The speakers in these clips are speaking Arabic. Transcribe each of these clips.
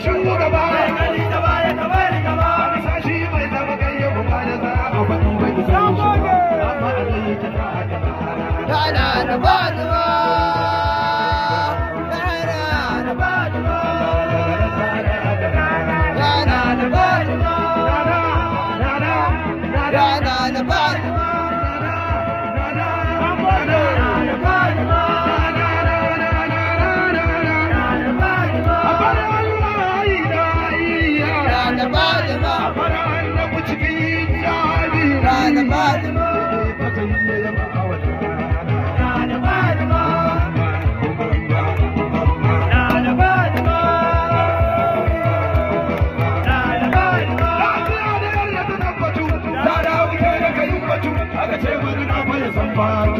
شو na ruwa ruwa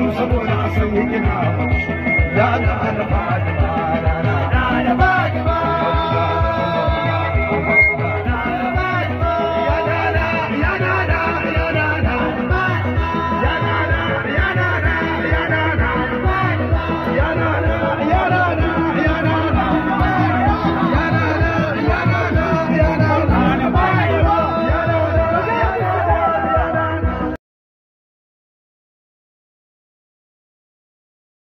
karatu saboda a san yake na ka ana